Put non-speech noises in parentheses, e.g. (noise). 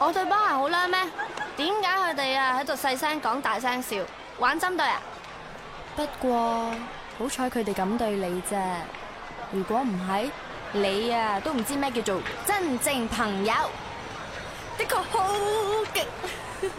我對班人好叻咩？點解佢哋啊喺度細聲講大聲笑，玩針對啊？不過好彩佢哋咁對你啫，如果唔係，你啊都唔知咩叫做真正朋友。的確好勁。 (laughs)